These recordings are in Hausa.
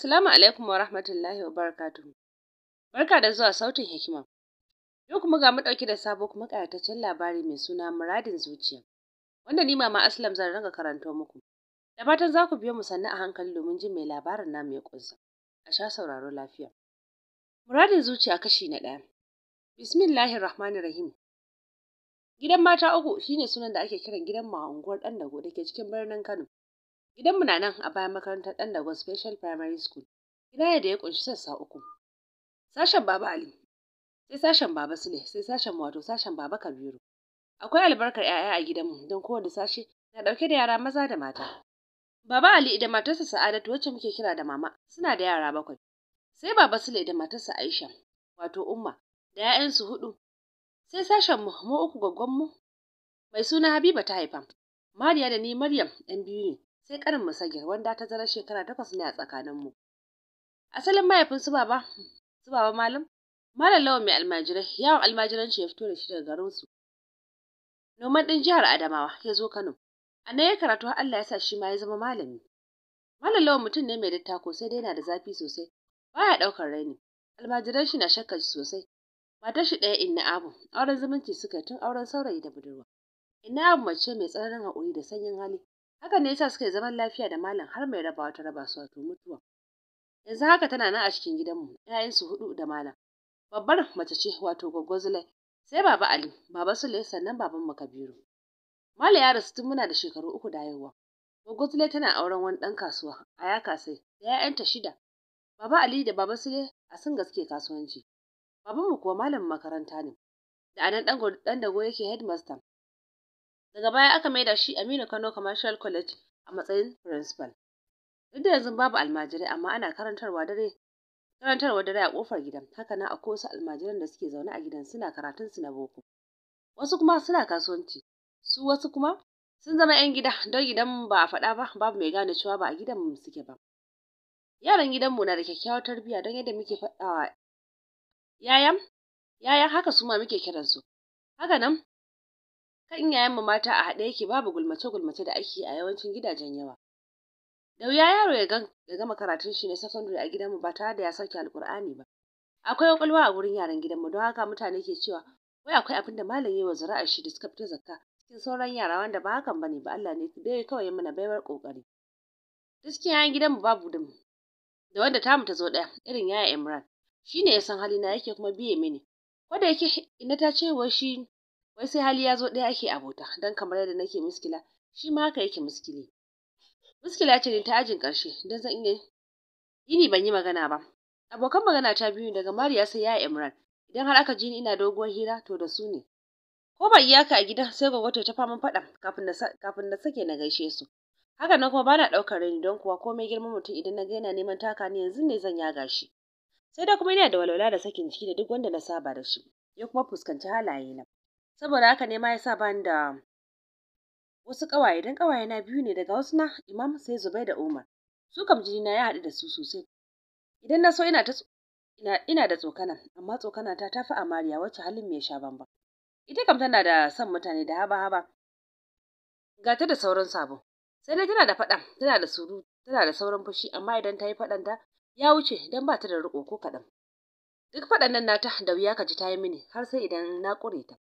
Assalamu alaikum wa rahmatullahi wa barakatuhu. Barka da zuwa sautin hikima. Yau kuma ga mu ɗauki da sabo kuma ƙayataccen labari mai suna muradin zuciya. Wanda ni mama Aslam zan ranga karanto muku. Da fatan za ku biyo mu sannu a hankali domin jin mai labarin na mai ƙunsa. A sha sauraro lafiya. Muradin zuciya kashi na ɗaya. Bismillahir Rahmanir Rahim. Gidan mata uku shine sunan da ake kiran gidan ma unguwar ɗan dago da ke cikin birnin Kano. Gidanmu na nan a bayan makarantar ɗan Dago Special Primary School. Gida ne da ya ƙunshi sassa uku. Sashen Baba Ali, sai sashen Baba Sule, sai sashen wato sashen Baba Kabiru. Akwai albarkar 'ya'ya a gidanmu don kowane sashe na ɗauke da yara maza da mata. Baba Ali da matarsa Sa'adatu wacce muke kira da mama suna da yara bakwai. Sai Baba Sule da matarsa Aisha wato Umma da 'ya'yansu hudu. Sai sashen mu mu uku gwaggonmu mai suna Habiba ta haifa. Mariya da ni Maryam ɗan biyu ne. sai kanin musagir wanda ta zara shekara takwas ne a tsakaninmu asalin mahaifin su baba su baba malam malam lawan mai almajirai yawon almajiranci ya fito da shi daga garinsu noman ɗin jihar adamawa ya zo kano a nan ya karatu har allah ya sa shi ma ya zama malami malam lawan mutum ne mai dattako sai dai yana da zafi sosai baya ɗaukar raini almajiran shi na shakka sosai matar shi ɗaya inna abu auren zumunci suka yi tun auren saurayi da budurwa inna abu mace mai tsananin haƙuri da sanyin hali Hakan ne yasa suke zaman lafiya da malam har mai raba wata raba su wato mutuwa. Yanzu haka tana nan a cikin gidanmu, 'ya'yansu hudu da malam. Babbar mace ce wato Goggo sai Baba Ali, Baba Sule sannan baban mu Kabiru. Malam ya rasu tun muna da shekaru uku da haihuwa. Goggo tana auren wani ɗan kasuwa a yakasai. da 'ya'yanta shida. Baba Ali da Baba Sule a sun gaske kasuwanci. Babanmu kuwa malam makaranta ne. Da anan ɗan dago yake headmaster daga baya aka maida shi Aminu Kano Commercial College a matsayin principal duk da yanzu babu almajirai amma ana karantarwa dare karantarwa dare a kofar gidan haka na akwai wasu almajiran da suke zaune a gidan suna karatun su na boko wasu kuma suna kasuwanci su wasu kuma sun zama 'yan gida don gidan ba a faɗa ba babu mai gane cewa ba a gidan mu suke ba yaran gidanmu na da kyakkyawar tarbiyya don yadda muke faɗawa yayan yayan haka su ma muke kiransu haka nan kan mu mata a haɗe yake babu gulmace-gulmace da ake a yawancin gidajen yawa. Da wuya yaro ya gama karatun shi na sakandare a gidanmu ba tare da ya sauke alƙur'ani ba. Akwai ƙwaƙwalwa a wurin yaran gidanmu don haka mutane ke cewa wai akwai abin da malam yayi wa zuri'ar shi da suka fita zakka cikin sauran yara wanda ba hakan bane ba Allah ne dai kawai ya mana baiwar kokari. Gaskiya yayan gidanmu babu da da wanda tamu ta zo ɗaya irin yaya Imran shine ya san halina yake kuma biye mini. Ko da yake ina ta ce shi wai sai hali ya zo ɗaya ake abota don kamar yadda nake muskila shi ma haka yake muskili Muskila ce ne ta ajin ƙarshe don zan iya yini ban yi magana ba abokan magana ta biyu daga mariya sai ya imran idan har aka ji ni ina doguwar hira to da su ne ko ba iyaka a gidan sai gwagwato ta faman faɗa kafin na sake na gaishe su haka nan kuma bana ɗaukar raini don kuwa komai girman mutum idan na ga yana neman taka ni yanzu ne zan yaga shi sai da kuma ina da walwala da sakin ciki da duk wanda na saba da shi ya kuma fuskanci halaye na saboda haka ne ma yasa bani da wasu ƙawaye ƙawaye na biyu ne daga wasu na imam sai zubai da umar su kam na ya haɗu da su sosai idan na so ina ta ina, ina da tsokana amma tsokana ta tafi amariya wacce halin me ya sha bamba. ita kam tana da son mutane da haba haba ga ta da sauran sabo sai dai tana da faɗa tana da suru tana da sauran fushi amma idan ta yi faɗan ta ya wuce dan ba ta da riƙo ko kaɗan duk faɗan nan nata da wuya ka ji ta yi mini har sai idan na ƙure ta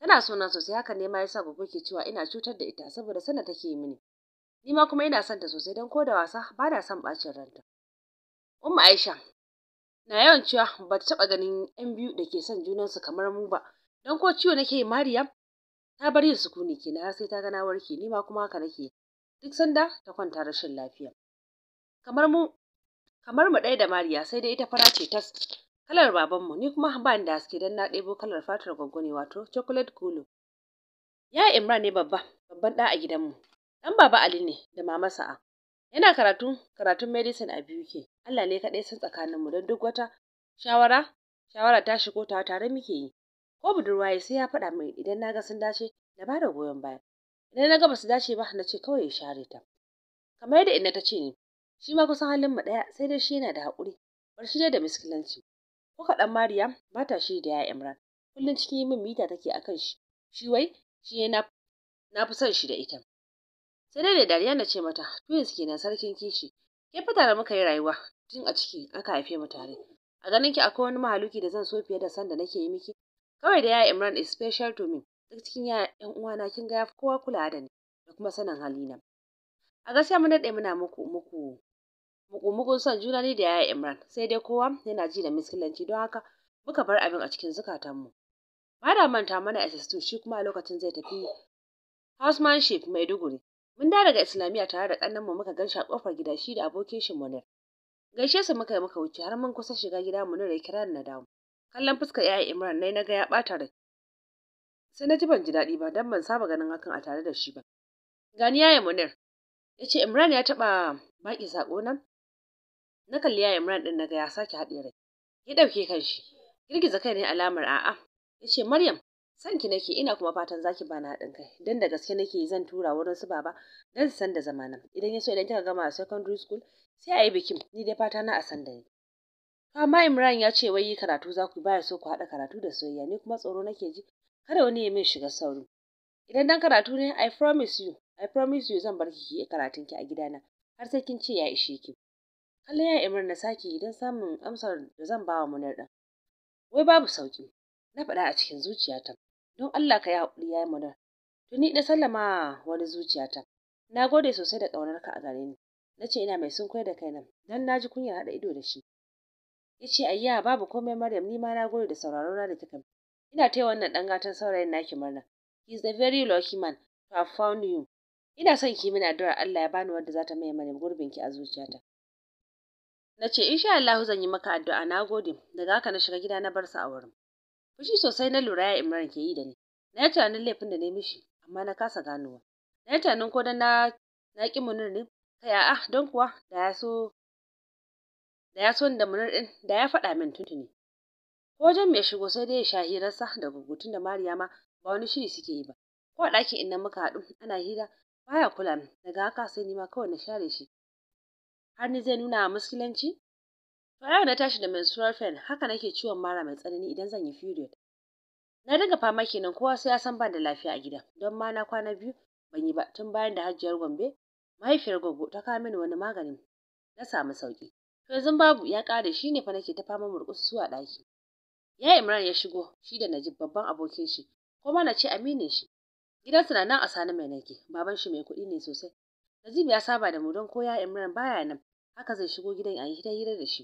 Tana sona sosai hakan ne ma yasa gogo ke cewa ina cutar da ita saboda sana take mini. Ni ma kuma ina son ta sosai dan ko da wasa ba na son bacin ranta. Umma Aisha na yawan cewa ba ta taɓa ganin 'yan biyu da ke son junansu kamar mu ba. Don ko ciwo nake yi Mariya ta bar yin sukuni kenan har sai ta ga na warke ni ma kuma haka nake duk sanda ta kwanta rashin lafiya. Kamar mu kamar mu ɗaya da Mariya sai dai ita fara ce tas Kalar babanmu ni kuma ba ni da haske don na ɗebo kalar fatar gwaggo ne wato chocolate kulu. Ya Imran ne babba, babban ɗa a gidanmu. Ɗan baba Ali ne da mama Sa'a. Yana karatu karatun medicine a ke. Allah ne kaɗai san tsakaninmu don duk wata shawara shawara ta shigo ta tare muke yi. Ko budurwa ya sai ya faɗa min idan na ga sun dace na ba da goyon baya. Idan na ga ba su dace ba na ce kawai ya share ta. Kamar yadda ina ta ce ni, shi ma kusan halin mu ɗaya sai dai shi yana da haƙuri. Bar shi da miskilanci. ko kaɗan Mariya ba ta shi da yaya Imran kullum cikin yi min mita take akan shi shi wai shi na na fi son shi da ita sai dai da dariya na ce mata yanzu kenan sarkin kishi ke fa da muka yi rayuwa tun a ciki aka haife mu tare a ganin ki akwai wani mahaluki da zan so fiye da san da nake yi miki kawai da ya Imran is special to me duk cikin yaya ƴan uwana kin ga kowa kula da ni da kuma sanin halina a gaskiya mun daɗe muna muku muku mugun son juna ne da yaya Imran sai dai kowa yana ji da miskilanci don haka muka bar abin a cikin zukatanmu. Malam manta mana SS2 shi kuma a lokacin zai tafi housemanship duguri Mun da daga Islamiyya tare da ƙannen mu muka ganshi a ƙofar gida shi da abokin shi Munir. Gaishe su muka yi muka wuce har mun kusa shiga gida Munir ya kira na dawo. Kallon fuskar yaya Imran nai na ga ya ɓata rai. Sai na ji ban ji daɗi ba dan ban saba ganin hakan a tare da shi ba. Gani yaya Munir ya ce Imran ya taɓa baki sako nan na kalli yaya Imran din naga ya sake haɗe rai ya ɗauke kan shi girgiza kai ne alamar a'a Ya ce, Maryam san ki nake ina kuma fatan zaki ba bani haɗin kai dan da gaske nake zan tura wurin su baba dan su san da zamana idan ya so, idan kika gama secondary school sai a yi bikin ni dai fata na a san da ni amma Imran ya ce wai yi karatu za ku baya so ku haɗa karatu da soyayya ni kuma tsoro nake ji kada wani ya min shiga sauri idan dan karatu ne I promise you I promise you zan bar ki yi karatun ki a gidana har sai kin ce ya ishe ki Allah ya imar na sake idan samun amsar da zan ba wa Munir ɗin. Wai babu sauki, na faɗa a cikin zuciyata. Don Allah ka yi haƙuri ya yi munar. Tuni na sallama wani zuciyata. Na gode sosai da ƙaunarka a gare ni. Na ce ina mai sunkuyar da kaina don na ji kunyar haɗa ido da shi. Ya ce ayya babu komai Maryam ni ma na gode da sauraron na da kika Ina taya wannan ɗan gatan saurayin naki murna. He is a very lucky man to have found you. Ina son ki mini addu'ar Allah ya bani wadda za ta maye mana gurbinki a zuciyata. Na ce insha Allah zan yi maka addu'a na gode daga haka na shiga gida na bar su a wurin. Fushi sosai na lura ya Imran ke yi da ni. Na yi tunanin laifin da na yi mishi amma na kasa ganowa. Na yi tunanin ko dan na na munir ne kai a don kuwa da ya so da ya so da munir din da ya faɗa min tuntuni. Ko wajen mai shigo sai dai ya sha hirarsa da gugutun da Mariya ma ba wani shiri suke yi ba. Ko a ɗakin in muka haɗu ana hira baya kula ni daga haka sai ni ma kawai na share shi har ni zai nuna musulunci? to yau na tashi da menstrual pain haka nake ciwon mara mai tsanani idan zan yi period na riga fama kenan kowa sai ya san ban da lafiya a gida don ma na kwana biyu ban yi ba tun bayan da hajjiyar gombe mahaifiyar gwaggo ta kawo mini wani maganin na samu sauki to yanzu babu ya ƙare shi ne fa nake ta fama murƙus zuwa ɗaki ya imran ya shigo shi da najib babban abokin shi ko ma na ce aminin shi gidansu na nan a sani mai nake baban shi mai kuɗi ne sosai najib ya saba da mu don ko ya imran baya nan haka zai shigo gidan a yi ta hira da shi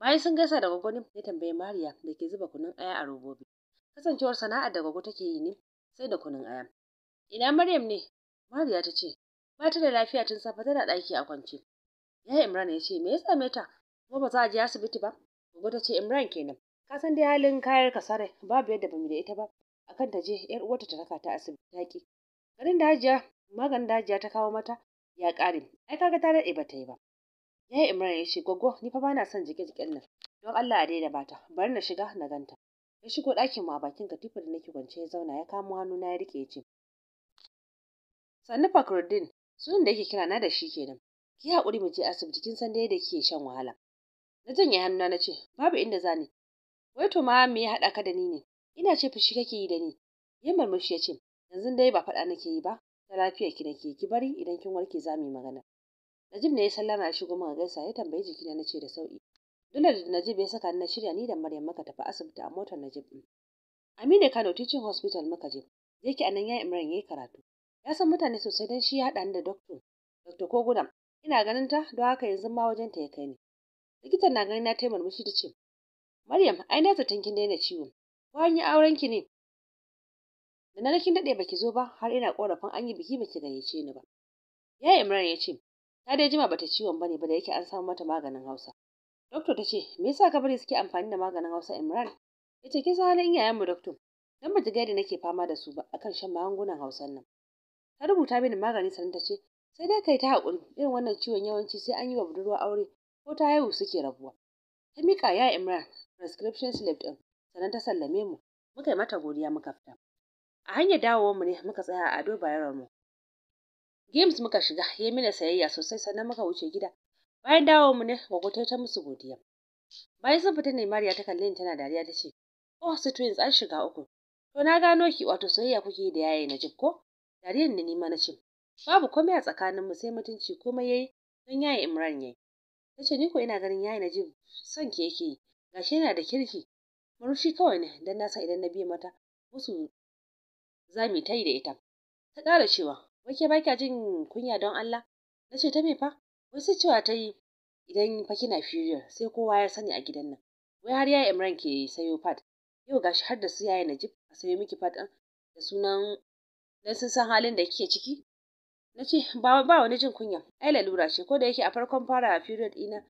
bayan sun gaisa da gwaggo ya tambayi mariya da ke zuba kunun aya a robobi kasancewar sana'ar da gwaggo take yi ne sai da kunun aya ina maryam ne mariya ta ce ba ta da lafiya tun safe tana ɗaki a kwance ya imran ya ce me ya same ta kuma ba za a je asibiti ba gwaggo ta ce imran kenan ka san dai halin kayar kasare babu yadda bamu da ita ba akan ta je yar uwarta ta raka ta asibiti ta ki garin dajiya maganin dajiya ta kawo mata ya ƙare ai kaga ta daɗe ba ta yi ba yayi imran ya ce gwaggo ni fa bana son jike-jiken nan don Allah a daina bata bari na shiga na ganta ya shigo ɗakin mu a bakin katifa da nake kwance ya zauna ya hannu na ya rike ya ce sannu fakruddin sunan da yake kira na da shi kenan ki haƙuri mu je asibiti kin san da yadda kike shan wahala na janye hannuna na ce babu inda zani wai to ma me ya haɗa ka da ni ne ina ce fushi kake yi da ni ya murmushi ya ce yanzu dai ba faɗa nake yi ba ta lafiya ki nake ki bari idan kin warke za mu yi magana Najib ne ya sallama ya shigo muka gaisa ya tambayi jikina na nace da sauki. Dole da Najib ya saka ni na shirya ni da Maryam muka tafi asibiti a motar Najib din. Aminu Kano Teaching Hospital muka je. yake anan yayi Imran yayi karatu. Ya san mutane sosai dan shi ya haɗa ni da doctor. Dr. Koguna ina ganin ta don haka yanzu ma wajen ta ya kai ni. Likitan na ganin na ta murmushi ta ce Maryam ai na zaton kin daina ciwo. Ko an yi auren ki ne? Da na kin dade baki zo ba har ina korafin an yi biki baki gayyace ni ba. Yayi Imran ya ce ta dai jima bata ciwon bane ba da yake an samu mata maganin Hausa Doktor ta ce me yasa ka bari suke amfani da maganin Hausa Imran Ita ce san halin mu doktor, dan ba ga da nake fama da su ba akan shan magungunan Hausan nan ta rubuta mini magani sannan ta ce sai dai kai ta hakuri irin wannan ciwon yawanci sai an yi wa budurwa aure ko ta haihu suke rabuwa ta mika ya Imran prescription slip din sannan ta sallame mu muka yi mata godiya muka fita a hanyar dawowar mu ne muka tsaya a Ado Bayero mu games muka shiga ya mina sayayya sosai sannan muka wuce gida bayan dawo mu ne gwagwatai ta musu godiya bayan sun fita ne mariya ta kalle ni tana dariya ta ce oh su twins an shiga uku to na gano ki wato soyayya kuke da yaye na jib ko dariyar ni ma na ce babu komai a tsakanin mu sai mutunci komai yayi don yaye imran yayi ta ce ni ko ina ganin yaye na jib son ki yake yi gashi yana da kirki murushi kawai ne dan na sa idan na biye mata musu za mu ta yi da ita ta kara cewa wai ke baki jin kunya don Allah na ce ta me fa wai sai cewa ta yi idan fa kina furious sai kowa ya sani a gidan nan wai har yaya Imran ke sayo pad yau gashi har da su yaya Najib a sayo miki din da sunan dan sun san halin da kike ciki na ce ba ba wani jin kunya ai lalura ce ko da yake a farkon fara period ina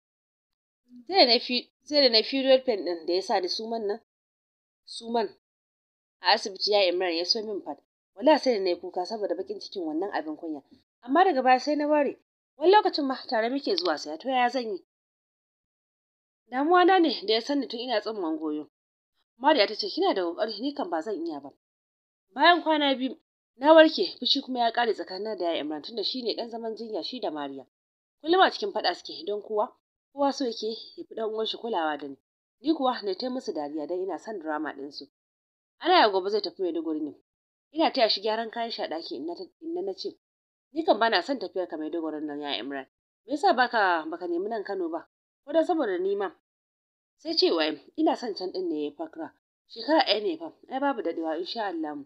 sai da na fi sai da na period pain din da yasa ni suman nan man a asibiti ya Imran ya so min pad wala sai na yi kuka saboda bakin cikin wannan abin kunya amma daga baya sai na ware wani lokacin ma tare muke zuwa saya to ya zan yi damuwa na ne da ya sani tun ina tsimman goyo Mariya ta ce kina da kokari ni kan ba zan iya ba bayan kwana biyu na warke fushi kuma ya kare tsakanin da ya Imran tunda shine dan zaman jinya shi da Mariya kullum a cikin fada suke don kowa kowa so yake ya fi dan uwanshi kulawa da ni ni kuwa na ta musu dariya dan ina son drama din su ana ya gobe zai tafi Maiduguri ne ina taya shi gyaran kayan shi a ɗaki inna na ce ni kan bana son tafiyar ka Maiduguri nan ya Imran me yasa baka baka nemi nan Kano ba ko dan saboda ni ma sai ce wai ina son can din ne fakra shekara ɗaya ne fa ai babu dadewa insha Allah mu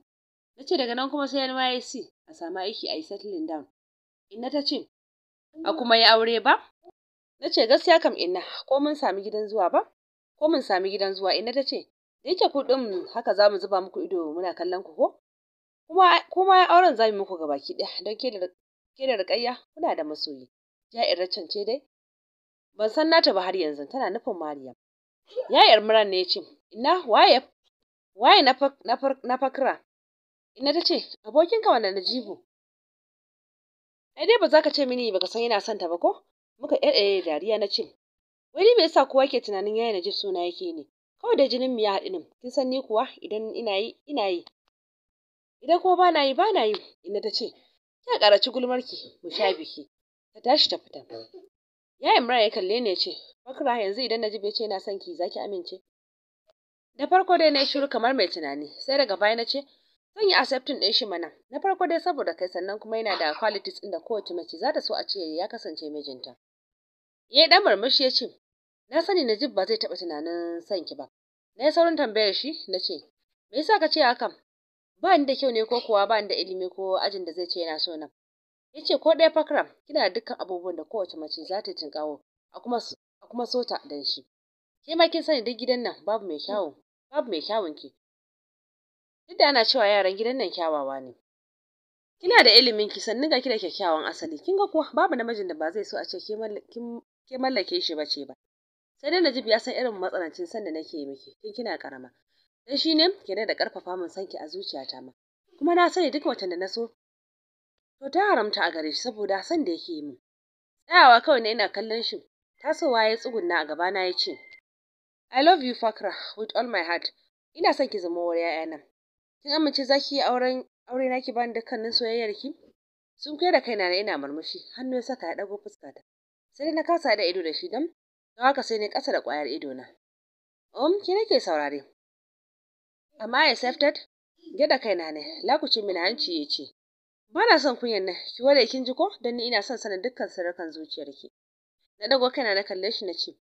nace daga nan kuma sai NYSC a samu aiki a yi settling down inna ta ce a kuma yi aure ba nace gaskiya kam inna ko mun sami gidan zuwa ba ko mun sami gidan zuwa inna ta ce da yake ku haka za mu zuba muku ido muna kallon ku ko kuma ya auren zamu muku gabaki ɗaya don ke da ke kuna da masoyi Ja'ir ce dai ban san nata ba har yanzu tana nufin Mariya Ya'ir Imran ne ya ce ina waye waye na na fakra ina ta ce abokinka wanda na ai dai ba za ka ce mini ka san yana son ta ba ko muka eh dariya na ce Wani ni me yasa kowa ke tunanin yaya Najib suna yake ne kawai da jinin mu ya haɗu ni, kin san ni kuwa idan ina yi ina yi idan kuma ba na yi ba na yi inda ta ce ya karaci gulmarki mu sha biki ta tashi ta fita ya imran ya kalle ne ya ce bakra yanzu idan na ji ce yana son ki zaki amince da farko dai na yi shiru kamar mai tunani sai daga baya na ce zan yi accepting din shi mana na farko dai saboda kai sannan kuma yana da qualities din da kowace mace za ta so a ce ya kasance mijinta yayi dan murmushi ya ce na sani Najib ba zai taɓa tunanin son ki ba na yi saurin tambayar shi na ce me yasa ka ce hakan ba ni da kyau ne ko kuwa ba ni da ilimi ko ajin da zai ce yana so nan yace ko ɗaya fakram kina da dukkan abubuwan da kowace mace za ta tinkawo a kuma a kuma sota dan shi ke ma kin sani duk gidan nan babu mai kyawun babu mai kyawun ki duk da ana cewa yaran gidan nan kyawawa ne kina da ilimin ki sannan ga ki da kyakkyawan asali kin ga kuwa babu namijin da ba zai so a ce ke mallake shi bace ba sai dai Najib ya san irin matsanancin san da nake miki Kin kina karama dan shi ne ke da karfafa min sanki a zuciyata ma kuma na sani duk watan da na so to ta haramta a gare shi saboda san da yake min tsayawa kawai na ina kallon shi tasowa ya tsugunna a gabana ya ce I love you Fakra with all my heart ina son ki zama wani nan. kin amince za ki yi auren aure na ki bani dukkanin soyayyar ki sun kai da kaina na ina murmushi hannu ya saka ya dago fuskata sai na kasa da ido da shi dan don haka sai ne kasa da ƙwayar ido na um ki nake saurare Amma accepted? Gyada kaina ne, lakuci mina hanci ya ce, Ba na son kunyan nan, ki ware kin ji ko, don ni ina son sanin dukkan sirrukan zuciyarki. Na dago kai na na kalle shi na ce,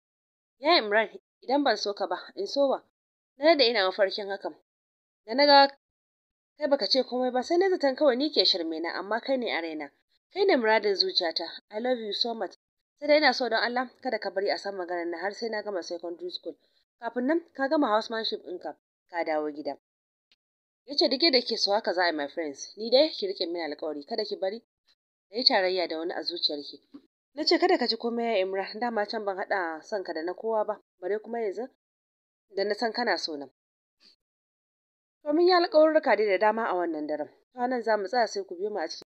Ya Imran, idan ban so ka ba, in so ba. Na da ina mafarkin hakan. Da na ga kai baka ce komai ba sai na zaton kawai ni ke shirme na amma kai ne a raina. Kai ne muradin zuciyata. I love you so much. Sai dai ina so don Allah kada ka bari a san maganar na har sai na gama secondary school. Kafin nan ka gama housemanship ɗinka. ka dawo gida ya ce duk yadda ke so haka za a yi my friends ni dai ki riƙe min alƙawari kada ki bari da yi tarayya da wani a zuciyarki na ce kada ka ji komai ya imra dama can ban haɗa son ka da na kowa ba bare kuma yanzu da na san kana so nan to mun yi alƙawarurruka dai da dama a wannan daren to nan za mu tsaya sai ku biyo mu a cikin